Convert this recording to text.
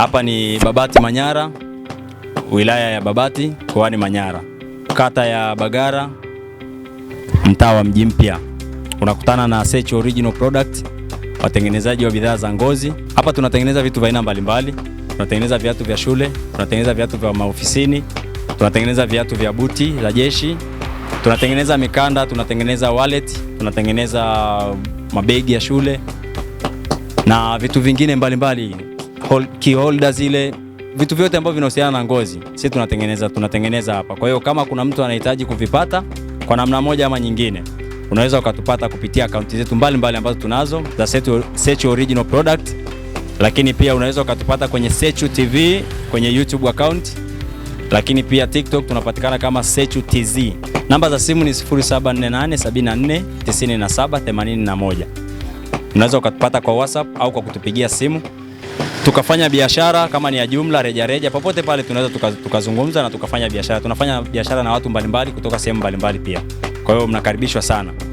Hapa ni Babati Manyara, wilaya ya Babati mkoani Manyara, kata ya Bagara, mtaa wa Mji Mpya. Unakutana na Sechu Original Product, watengenezaji wa bidhaa za ngozi. Hapa tunatengeneza vitu vya aina mbalimbali, tunatengeneza viatu vya shule, tunatengeneza viatu vya maofisini, tunatengeneza viatu vya buti za jeshi, tunatengeneza mikanda, tunatengeneza wallet, tunatengeneza mabegi ya shule na vitu vingine mbalimbali mbali kiholda zile vitu vyote ambavyo vinahusiana na ngozi sisi tunatengeneza tunatengeneza hapa. Kwa hiyo kama kuna mtu anahitaji kuvipata kwa namna moja ama nyingine, unaweza ukatupata kupitia akaunti zetu mbalimbali ambazo tunazo za Sechu Original Product, lakini pia unaweza ukatupata kwenye Sechu TV kwenye YouTube account, lakini pia TikTok tunapatikana kama Sechu TZ. Namba za simu ni 0748 74 97 81. Unaweza ukatupata kwa WhatsApp au kwa kutupigia simu tukafanya biashara kama ni ya jumla rejareja, popote pale tunaweza tukazungumza tuka na tukafanya biashara. Tunafanya biashara na watu mbalimbali kutoka sehemu mbalimbali pia, kwa hiyo mnakaribishwa sana.